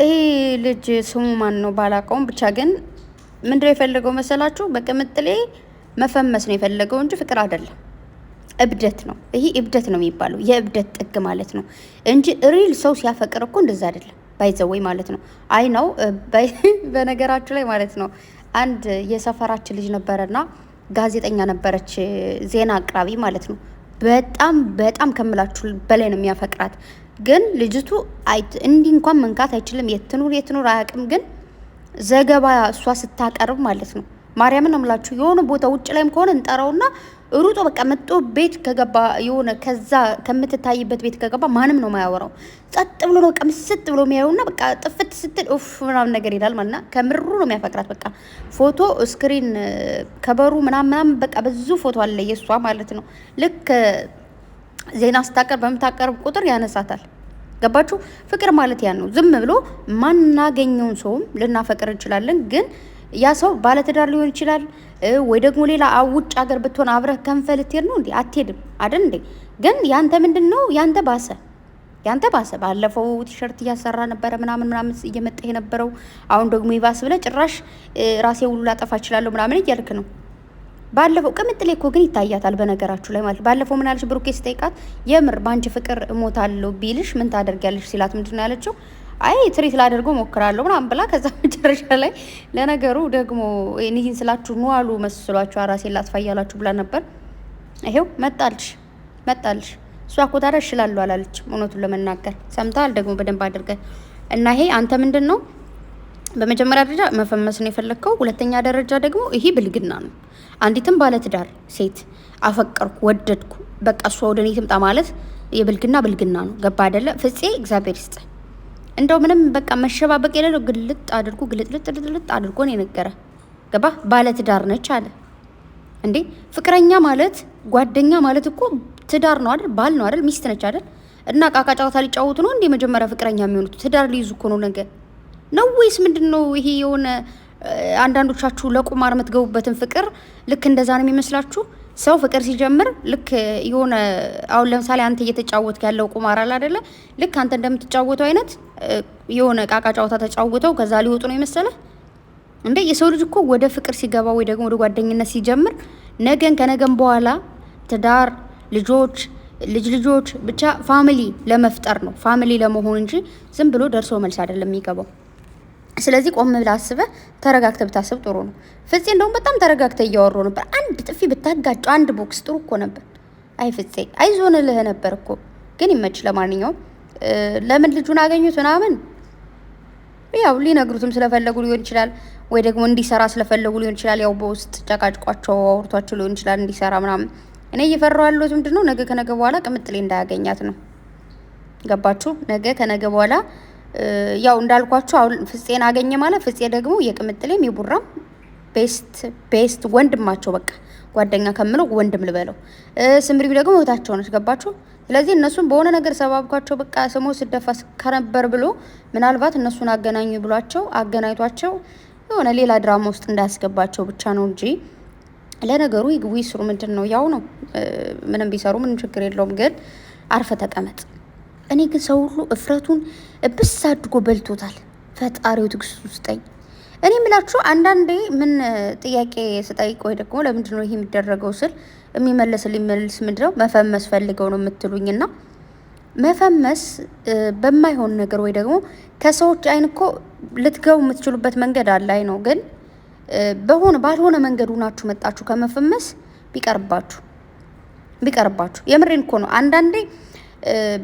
ይሄ ልጅ ስሙ ማን ነው ባላቀውም ብቻ ግን ምንድነው የፈለገው መሰላችሁ? በቅምጥሌ መፈመስ ነው የፈለገው እንጂ ፍቅር አይደለም፣ እብደት ነው። ይሄ እብደት ነው የሚባለው፣ የእብደት ጥግ ማለት ነው እንጂ ሪል ሰው ሲያፈቅር እኮ እንደዛ አይደለም። ባይዘወይ ማለት ነው። አይ ነው በነገራችሁ ላይ ማለት ነው። አንድ የሰፈራችን ልጅ ነበረና ጋዜጠኛ ነበረች፣ ዜና አቅራቢ ማለት ነው። በጣም በጣም ከምላችሁ በላይ ነው የሚያፈቅራት ግን ልጅቱ እንዲህ እንኳን መንካት አይችልም። የትኑር የትኑር አያውቅም። ግን ዘገባ እሷ ስታቀርብ ማለት ነው ማርያምን እምላችሁ የሆነ ቦታ ውጭ ላይም ከሆነ እንጠራውና ሩጦ በቃ መጦ ቤት ከገባ የሆነ ከዛ ከምትታይበት ቤት ከገባ ማንም ነው ማያወራው። ጸጥ ብሎ ነው በቃ ምስጥ ብሎ የሚያየውና በቃ ጥፍት ስትል ኡፍ ምናምን ነገር ይላል ማለት ና ከምሩ ነው የሚያፈቅራት። በቃ ፎቶ ስክሪን ከበሩ ምናምን ምናምን በቃ ብዙ ፎቶ አለ የእሷ ማለት ነው ልክ ዜና ስታቀርብ በምታቀርብ ቁጥር ያነሳታል። ገባችሁ? ፍቅር ማለት ያን ነው። ዝም ብሎ ማናገኘውን ሰውም ልናፈቅር እንችላለን። ግን ያ ሰው ባለትዳር ሊሆን ይችላል ወይ ደግሞ ሌላ ውጭ ሀገር ብትሆን አብረህ ከንፈል ልትሄድ ነው እንዴ? አትሄድም አይደል እንዴ? ግን ያንተ ምንድን ነው ያንተ ባሰ ያንተ ባሰ። ባለፈው ቲሸርት እያሰራ ነበረ ምናምን ምናምን እየመጣ የነበረው አሁን ደግሞ ይባስ ብለ ጭራሽ ራሴ ሁሉ ላጠፋ እችላለሁ ምናምን እያልክ ነው። ባለፈው ቅምጥሌ እኮ ግን ይታያታል። በነገራችሁ ላይ ማለት ባለፈው ምን ያለች ብሩኬ ስጠይቃት የምር በአንቺ ፍቅር እሞታለሁ ቢልሽ ምን ታደርጊያለሽ ሲላት ምንድን ነው ያለችው? አይ ትሪት ላደርገው ሞክራለሁ ምናምን ብላ ከዛ መጨረሻ ላይ ለነገሩ ደግሞ ይህን ስላችሁ ኑ አሉ መስሏችሁ አራሴ ላጥፋ እያላችሁ ብላ ነበር። ይሄው መጣልሽ መጣልሽ። እሷ እኮ ታዲያ እሽላለሁ አላለች። እውነቱን ለመናገር ሰምተሃል ደግሞ በደንብ አድርገን እና ይሄ አንተ ምንድን ነው በመጀመሪያ ደረጃ መፈመስ ነው የፈለግከው። ሁለተኛ ደረጃ ደግሞ ይሄ ብልግና ነው። አንዲትም ባለትዳር ሴት አፈቀርኩ፣ ወደድኩ፣ በቃ እሷ ወደ እኔ ትምጣ ማለት የብልግና ብልግና ነው። ገባ አይደለ? ፍፄ እግዚአብሔር ይስጥ። እንደው ምንም በቃ መሸባበቅ የሌለው ግልጥ አድርጎ ግልጥልጥ አድርጎ ነው የነገረ። ገባ? ባለትዳር ነች አለ እንዴ። ፍቅረኛ ማለት ጓደኛ ማለት እኮ ትዳር ነው አይደል? ባል ነው አይደል? ሚስት ነች አይደል? እና ቃቃ ጨዋታ ሊጫወቱ ነው እንዴ? መጀመሪያ ፍቅረኛ የሚሆኑት ትዳር ሊይዙ እኮ ነው ነገር ነው ወይስ ምንድን ነው ይሄ የሆነ አንዳንዶቻችሁ ለቁማር የምትገቡበትን ፍቅር ልክ እንደዛ ነው የሚመስላችሁ? ሰው ፍቅር ሲጀምር ልክ የሆነ አሁን ለምሳሌ አንተ እየተጫወትክ ያለው ቁማር አለ አይደለ? ልክ አንተ እንደምትጫወተው አይነት የሆነ ቃቃ ጨዋታ ተጫውተው ከዛ ሊወጡ ነው የመሰለ እንደ የሰው ልጅ እኮ ወደ ፍቅር ሲገባ ወይ ደግሞ ወደ ጓደኝነት ሲጀምር ነገን ከነገን በኋላ ትዳር፣ ልጆች፣ ልጅ ልጆች ብቻ ፋሚሊ ለመፍጠር ነው ፋሚሊ ለመሆን እንጂ ዝም ብሎ ደርሶ መልስ አይደለም የሚገባው። ስለዚህ ቆም ብለህ አስበህ ተረጋግተህ ብታስብ ጥሩ ነው። ፍፄ እንደውም በጣም ተረጋግተህ እያወሩ ነበር። አንድ ጥፊ ብታጋጨው አንድ ቦክስ ጥሩ እኮ ነበር። አይ ፍፄ አይዞን ልህ ነበር እኮ ግን ይመች። ለማንኛውም ለምን ልጁን አገኙት ምናምን ያው ሊነግሩትም ስለፈለጉ ሊሆን ይችላል፣ ወይ ደግሞ እንዲሰራ ስለፈለጉ ሊሆን ይችላል። ያው በውስጥ ጨቃጭቋቸው አውርቷቸው ሊሆን ይችላል እንዲሰራ ምናምን። እኔ እየፈራሁ ያለሁት ምንድን ነው ነገ ከነገ በኋላ ቅምጥሌ እንዳያገኛት ነው። ገባችሁ? ነገ ከነገ በኋላ ያው እንዳልኳችሁ አሁን ፍፄን አገኘ ማለት ፍፄ ደግሞ የቅምጥሌም የቡራም ቤስት ቤስት ወንድማቸው በቃ ጓደኛ ከምለው ወንድም ልበለው። ስምሪም ደግሞ እህታቸው ነች። ገባችሁ? ስለዚህ እነሱን በሆነ ነገር ሰባብኳቸው። በቃ ስሞ ስደፋ ከነበር ብሎ ምናልባት እነሱን አገናኙ ብሏቸው አገናኝቷቸው የሆነ ሌላ ድራማ ውስጥ እንዳያስገባቸው ብቻ ነው እንጂ ለነገሩ ይግቡ ይስሩ፣ ምንድን ነው ያው ነው። ምንም ቢሰሩ ምንም ችግር የለውም። ግን አርፈ ተቀመጥ። እኔ ግን ሰው ሁሉ እፍረቱን እብስ አድጎ በልቶታል። ፈጣሪው ትግስት ውስጠኝ። እኔ የምላችሁ አንዳንዴ ምን ጥያቄ ስጠይቅ ወይ ደግሞ ለምንድን ነው ይህ የሚደረገው ስል የሚመለስ ሊመልስ ምንድን ነው መፈመስ ፈልገው ነው የምትሉኝና መፈመስ በማይሆን ነገር ወይ ደግሞ ከሰዎች አይን እኮ ልትገቡ የምትችሉበት መንገድ አለ። አይ ነው ግን በሆነ ባልሆነ መንገዱ ናችሁ መጣችሁ ከመፈመስ ቢቀርባችሁ ቢቀርባችሁ የምሬን እኮ ነው አንዳንዴ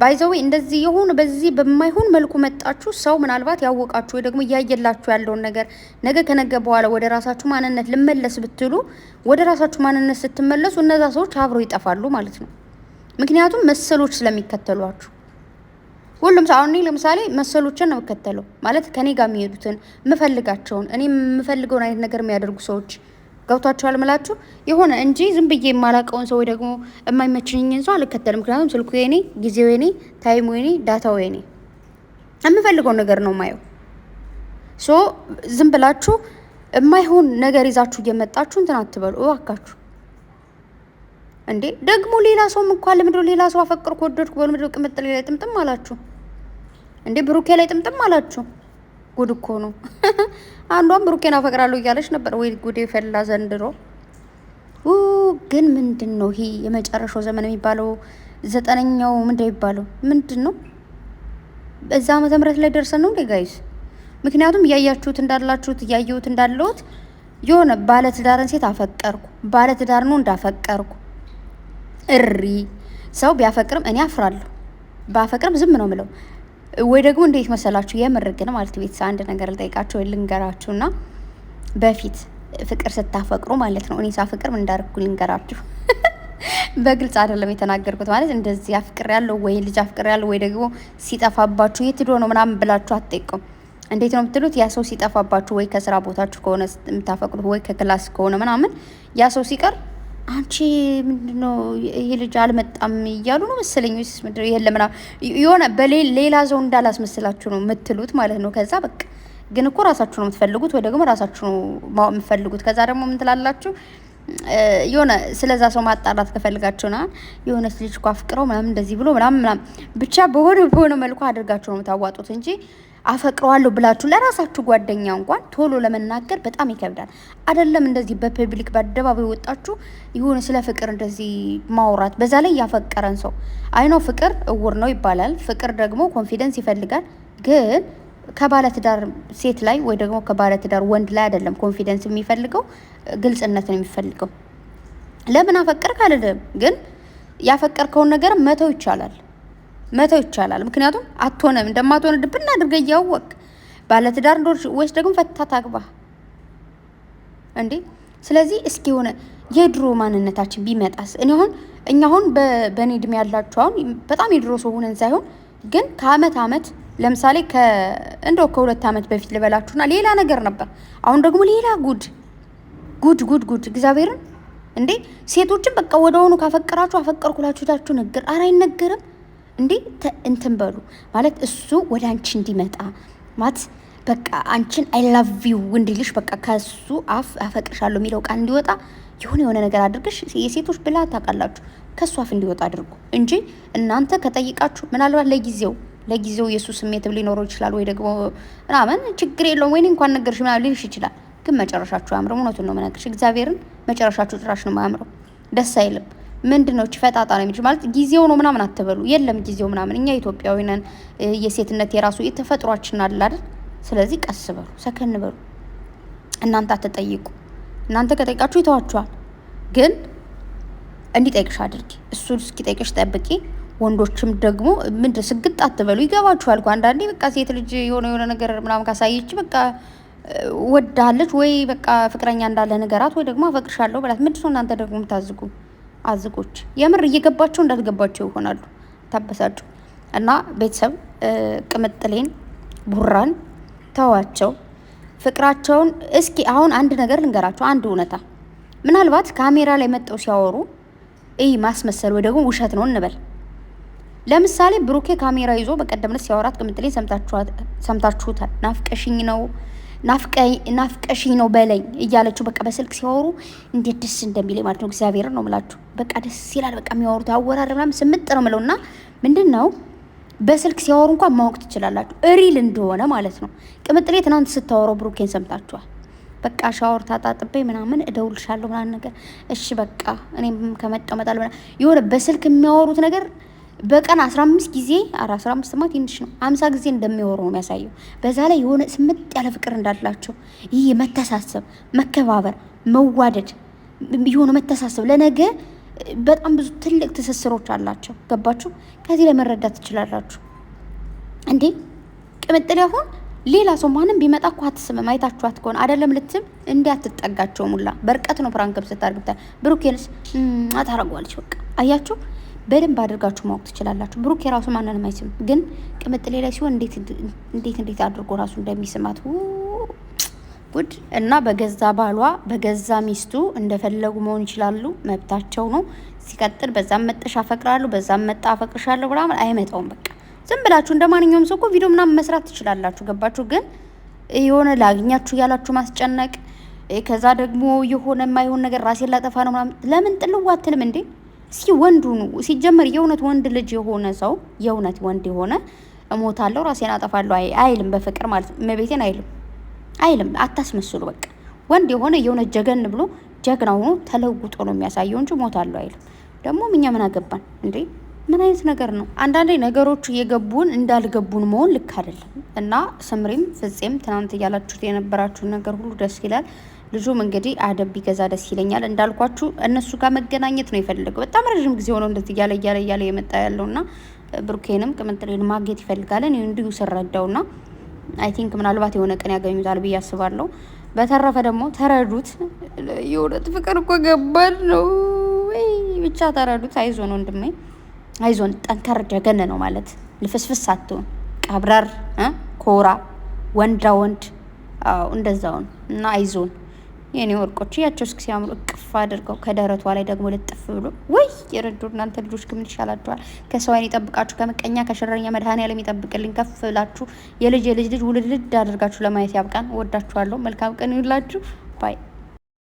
ባይዘዌ እንደዚህ የሆኑ በዚህ በማይሆን መልኩ መጣችሁ ሰው ምናልባት ያወቃችሁ ወይ ደግሞ እያየላችሁ ያለውን ነገር ነገ ከነገ በኋላ ወደ ራሳችሁ ማንነት ልመለስ ብትሉ ወደ ራሳችሁ ማንነት ስትመለሱ እነዛ ሰዎች አብረው ይጠፋሉ ማለት ነው። ምክንያቱም መሰሎች ስለሚከተሏችሁ ሁሉም ሰው አሁን ለምሳሌ መሰሎችን ነው የምከተለው ማለት ከኔ ጋር የሚሄዱትን የምፈልጋቸውን እኔ የምፈልገውን አይነት ነገር የሚያደርጉ ሰዎች ገብቷቸዋል ምላችሁ የሆነ እንጂ ዝም ብዬ የማላቀውን ሰው ወይ ደግሞ የማይመችኝን ሰው አልከተልም። ምክንያቱም ስልኩ የኔ፣ ጊዜው የኔ፣ ታይሙ የኔ፣ ዳታው የኔ፣ የምፈልገው ነገር ነው ማየው። ሶ ዝም ብላችሁ የማይሆን ነገር ይዛችሁ እየመጣችሁ እንትን አትበሉ እባካችሁ። እንዴ ደግሞ ሌላ ሰውም እንኳን ለምንድነው ሌላ ሰው አፈቅርኩ ወደድኩ በምንድነው ቅምጥል ላይ ጥምጥም አላችሁ? እንዴ ብሩኬ ላይ ጥምጥም አላችሁ? ጉድ እኮ ነው። አንዷም ብሩኬን አፈቅራለሁ እያለች ነበር። ወይ ጉዴ ፈላ ዘንድሮ። ግን ምንድን ነው ይሄ የመጨረሻው ዘመን የሚባለው ዘጠነኛው ምንድ የሚባለው ምንድን ነው? በዛ ዓመተ ምህረት ላይ ደርሰን ነው እንዴ ጋይስ? ምክንያቱም እያያችሁት እንዳላችሁት እያየሁት እንዳለሁት የሆነ ባለትዳርን ሴት አፈቀርኩ ባለትዳር ነው እንዳፈቀርኩ እሪ ሰው ቢያፈቅርም እኔ አፍራለሁ። ባፈቅርም ዝም ነው ምለው ወይ ደግሞ እንዴት መሰላችሁ የምር ግን ማለት ቤት አንድ ነገር ልጠይቃችሁ ወይ ልንገራችሁና በፊት ፍቅር ስታፈቅሩ ማለት ነው እኔ ሳፍቅር ምን እንዳደረግኩ ልንገራችሁ በግልጽ አይደለም የተናገርኩት። ማለት እንደዚህ አፍቅር ያለው ወይ ልጅ አፍቅር ያለው ወይ ደግሞ ሲጠፋባችሁ የት ሄዶ ነው ምናምን ብላችሁ አትጠይቁም። እንዴት ነው የምትሉት? ያ ሰው ሲጠፋባችሁ ወይ ከስራ ቦታችሁ ከሆነ የምታፈቅሩት ወይ ከክላስ ከሆነ ምናምን ያ ሰው ሲቀር አንቺ ምንድነው ይሄ ልጅ አልመጣም እያሉ ነው መሰለኝ ስ ምንድነው ይሄ ለምና የሆነ በሌላ ዘው እንዳላስመስላችሁ ነው የምትሉት ማለት ነው። ከዛ በቃ ግን እኮ ራሳችሁ ነው የምትፈልጉት ወይ ደግሞ ራሳችሁ ነው የምትፈልጉት። ከዛ ደግሞ ምን ትላላችሁ? የሆነ ስለዛ ሰው ማጣራት ና የሆነ ልጅ እኮ አፍቅረው ምናምን እንደዚህ ብሎ ምናምን ምናምን ብቻ በሆነ በሆነ መልኩ አድርጋቸው ነው የምታዋጡት እንጂ አፈቅረዋለሁ ብላችሁ ለራሳችሁ ጓደኛ እንኳን ቶሎ ለመናገር በጣም ይከብዳል። አይደለም እንደዚህ በፐብሊክ በአደባባይ ወጣችሁ የሆነ ስለ ፍቅር እንደዚህ ማውራት፣ በዛ ላይ ያፈቀረን ሰው አይነው። ፍቅር እውር ነው ይባላል። ፍቅር ደግሞ ኮንፊደንስ ይፈልጋል ግን ከባለትዳር ሴት ላይ ወይ ደግሞ ከባለትዳር ወንድ ላይ አይደለም ኮንፊደንስ የሚፈልገው ግልጽነት ነው የሚፈልገው። ለምን አፈቀርክ አልልም፣ ግን ያፈቀርከውን ነገር መተው ይቻላል፣ መተው ይቻላል። ምክንያቱም አትሆነም እንደማትሆነ ድብና አድርገ እያወቅ ባለትዳር እንዶች ወይስ ደግሞ ፈታ ታግባ እንዴ። ስለዚህ እስኪ የሆነ የድሮ ማንነታችን ቢመጣስ? እኔ አሁን እኛ አሁን በእኔ እድሜ ያላችሁ አሁን በጣም የድሮ ሰው ሆነን ሳይሆን ግን ከአመት አመት ለምሳሌ እንደው ከሁለት ዓመት በፊት ልበላችሁና ሌላ ነገር ነበር። አሁን ደግሞ ሌላ ጉድ ጉድ ጉድ ጉድ እግዚአብሔርን እንዴ ሴቶችን በቃ ወደ ሆኑ ካፈቀራችሁ አፈቀርኩላችሁታችሁ ነገር አረ አይነገርም እንዴ እንትን በሉ ማለት እሱ ወደ አንቺ እንዲመጣ ማለት በቃ አንቺን አይ ላቭ ዩ እንዲልሽ በቃ ከሱ አፍ አፈቅርሻለሁ የሚለው ቃል እንዲወጣ የሆነ የሆነ ነገር አድርግሽ የሴቶች ብላ ታውቃላችሁ፣ ከሱ አፍ እንዲወጣ አድርጉ እንጂ እናንተ ከጠይቃችሁ ምናልባት ለጊዜው ለጊዜው የእሱ ስሜት ሊኖረው ይችላል፣ ወይ ደግሞ ምናምን ችግር የለውም ወይኔ እንኳን ነገርሽ ምናምን ሊልሽ ይችላል። ግን መጨረሻችሁ አያምርም። እውነቱን ነው መናገርሽ። እግዚአብሔርን መጨረሻችሁ ጭራሽ ነው የማያምረው። ደስ አይልም። ምንድን ነው ፈጣጣ ነው የሚችል ማለት ጊዜው ነው ምናምን አትበሉ። የለም ጊዜው ምናምን እኛ ኢትዮጵያዊ ነን። የሴትነት የራሱ የተፈጥሯችን አለ አይደል? ስለዚህ ቀስ በሉ፣ ሰከን በሉ። እናንተ አትጠይቁ። እናንተ ከጠይቃችሁ ይተዋችኋል። ግን እንዲጠይቅሽ አድርጊ። እሱ እስኪጠይቅሽ ጠብቂ። ወንዶችም ደግሞ ምንድ ስግጥ አትበሉ። ይገባችኋል እኮ አንዳንዴ በቃ ሴት ልጅ የሆነ የሆነ ነገር ምናምን ካሳየች በቃ ወዳለች ወይ በቃ ፍቅረኛ እንዳለ ነገራት ወይ ደግሞ አፈቅርሻለሁ በላት። ምንድን ነው እናንተ ደግሞ የምታዝጉ አዝጎች የምር እየገባቸው እንዳልገባቸው ይሆናሉ። ታበሳጩ እና ቤተሰብ ቅምጥሌን ቡራን ተዋቸው ፍቅራቸውን። እስኪ አሁን አንድ ነገር ልንገራቸው፣ አንድ እውነታ ምናልባት ካሜራ ላይ መጠው ሲያወሩ ይህ ማስመሰል ወይ ደግሞ ውሸት ነው እንበል ለምሳሌ ብሩኬ ካሜራ ይዞ በቀደም ዕለት ሲያወራት ቅምጥሌ ሰምታችሁታል። ናፍቀሽኝ ነው ናፍቀሽኝ ነው በለኝ እያለችው በቃ በስልክ ሲያወሩ እንዴት ደስ እንደሚል ማለት ነው። እግዚአብሔር ነው ምላችሁ በቃ ደስ ይላል። በቃ የሚያወሩት አወራር ምናምን ስምጥ ነው ምለው እና ምንድን ነው በስልክ ሲያወሩ እንኳን ማወቅ ትችላላችሁ እሪል እንደሆነ ማለት ነው። ቅምጥሌ ትናንት ስታወረው ብሩኬን ሰምታችኋል። በቃ ሻወር ታጣጥቤ ምናምን እደውልሻለሁ ምናምን ነገር እሺ በቃ እኔም ከመጣሁ እመጣለሁ የሆነ በስልክ የሚያወሩት ነገር በቀን 15 ጊዜ ኧረ 15 ማ ትንሽ ነው፣ 50 ጊዜ እንደሚወሩ ነው የሚያሳየው። በዛ ላይ የሆነ ስምጥ ያለ ፍቅር እንዳላቸው ይህ መተሳሰብ፣ መከባበር፣ መዋደድ የሆነ መተሳሰብ ለነገ በጣም ብዙ ትልቅ ትስስሮች አላቸው። ገባችሁ? ከዚህ ላይ መረዳት ትችላላችሁ። እንዴ ቅምጥል ያሁን ሌላ ሰው ማንም ቢመጣ እኮ አትስምም። አይታችኋት ከሆነ አይደለም ልትም እንዲ አትጠጋቸው ሙላ በርቀት ነው ፕራንክም ስታርግታ ብሩኬንስ አታረጓለች። በቃ አያችሁ በደንብ አድርጋችሁ ማወቅ ትችላላችሁ። ብሩክ የራሱ ማንንም አይስም፣ ግን ቅምጥሌ ላይ ሲሆን እንዴት እንዴት አድርጎ ራሱ እንደሚስማት ጉድ እና በገዛ ባሏ በገዛ ሚስቱ እንደፈለጉ መሆን ይችላሉ፣ መብታቸው ነው። ሲቀጥል በዛም መጠሽ አፈቅራለሁ፣ በዛም መጣ አፈቅርሻለሁ ምናምን አይመጣውም። በቃ ዝም ብላችሁ እንደ ማንኛውም ሰው እኮ ቪዲዮ ምናምን መስራት ትችላላችሁ። ገባችሁ? ግን የሆነ ላግኛችሁ እያላችሁ ማስጨነቅ፣ ከዛ ደግሞ የሆነ የማይሆን ነገር ራሴን ላጠፋ ነው ምናምን ለምን ጥልዋትልም እንዴ? እስኪ ወንዱ ሲጀመር የእውነት ወንድ ልጅ የሆነ ሰው የእውነት ወንድ የሆነ እሞታለሁ ራሴን አጠፋለሁ አይልም። በፍቅር ማለት መቤቴን አይልም አይልም። አታስመስሉ። በቃ ወንድ የሆነ የእውነት ጀገን ብሎ ጀግና ሆኖ ተለውጦ ነው የሚያሳየው እንጂ እሞታለሁ አይልም። ደግሞ እኛ ምን አገባን እንዴ? ምን አይነት ነገር ነው? አንዳንዴ ነገሮቹ እየገቡን እንዳልገቡን መሆን ልክ አይደለም። እና ስምሪም ፍፄም ትናንት እያላችሁት የነበራችሁን ነገር ሁሉ ደስ ይላል። ልጁም እንግዲህ አደብ ቢገዛ ደስ ይለኛል። እንዳልኳችሁ እነሱ ጋር መገናኘት ነው የፈለገው። በጣም ረዥም ጊዜ ሆነው እንደት እያለ እያለ እያለ የመጣ ያለው ና ብሩኬንም ቅምጥሌን ማግኘት ይፈልጋለን እኔ እንዲሁ ና አይ ቲንክ ምናልባት የሆነ ቀን ያገኙታል ብዬ አስባለሁ። በተረፈ ደግሞ ተረዱት። የእውነት ፍቅር እኮ ገባል ነው ወይ ብቻ ተረዱት። አይዞን ወንድሜ አይዞን፣ ጠንከር ጀገን ነው ማለት ልፍስፍስ አትሆን፣ ቀብረር ኮራ ወንዳ ወንድ እንደዛውን እና አይዞን የኔ ወርቆች እያቸው እስኪ ሲያምሩ እቅፍ አድርገው ከደረቷ ላይ ደግሞ ልጥፍ ብሎ ወይ የረዱ እናንተ ልጆች ግን ይሻላችኋል። ከሰው ዓይን ይጠብቃችሁ፣ ከምቀኛ ከሸረኛ መድኃኔዓለም ይጠብቅልኝ። ከፍ ብላችሁ የልጅ የልጅ ልጅ ውልልድ አድርጋችሁ ለማየት ያብቃን። ወዳችኋለሁ። መልካም ቀን ይሁንላችሁ ባይ